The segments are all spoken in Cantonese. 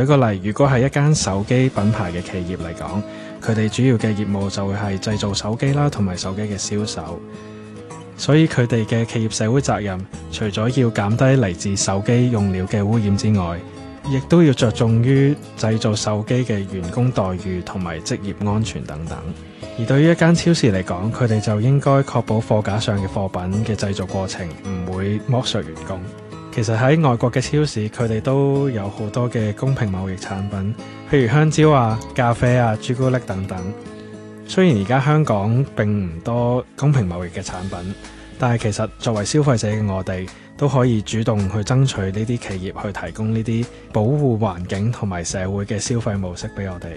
舉個例，如果係一間手機品牌嘅企業嚟講，佢哋主要嘅業務就會係製造手機啦，同埋手機嘅銷售。所以佢哋嘅企業社會責任，除咗要減低嚟自手機用料嘅污染之外，亦都要着重於製造手機嘅員工待遇同埋職業安全等等。而對於一間超市嚟講，佢哋就應該確保貨架上嘅貨品嘅製造過程唔會剝削員工。其實喺外國嘅超市，佢哋都有好多嘅公平貿易產品，譬如香蕉啊、咖啡啊、朱古力等等。雖然而家香港並唔多公平貿易嘅產品，但係其實作為消費者嘅我哋，都可以主動去爭取呢啲企業去提供呢啲保護環境同埋社會嘅消費模式俾我哋。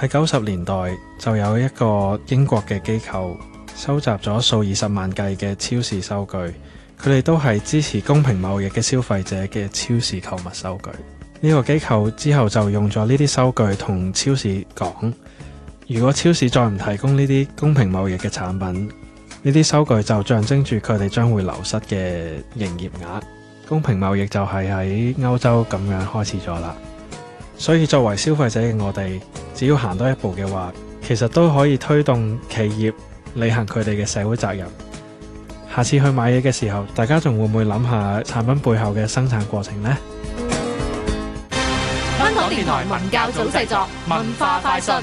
喺九十年代就有一個英國嘅機構收集咗數二十萬計嘅超市收據。佢哋都係支持公平貿易嘅消費者嘅超市購物收據，呢個機構之後就用咗呢啲收據同超市講，如果超市再唔提供呢啲公平貿易嘅產品，呢啲收據就象徵住佢哋將會流失嘅營業額。公平貿易就係喺歐洲咁樣開始咗啦。所以作為消費者嘅我哋，只要行多一步嘅話，其實都可以推動企業履行佢哋嘅社會責任。下次去買嘢嘅時候，大家仲會唔會諗下產品背後嘅生產過程呢？香港電台文教組製作，文化快訊。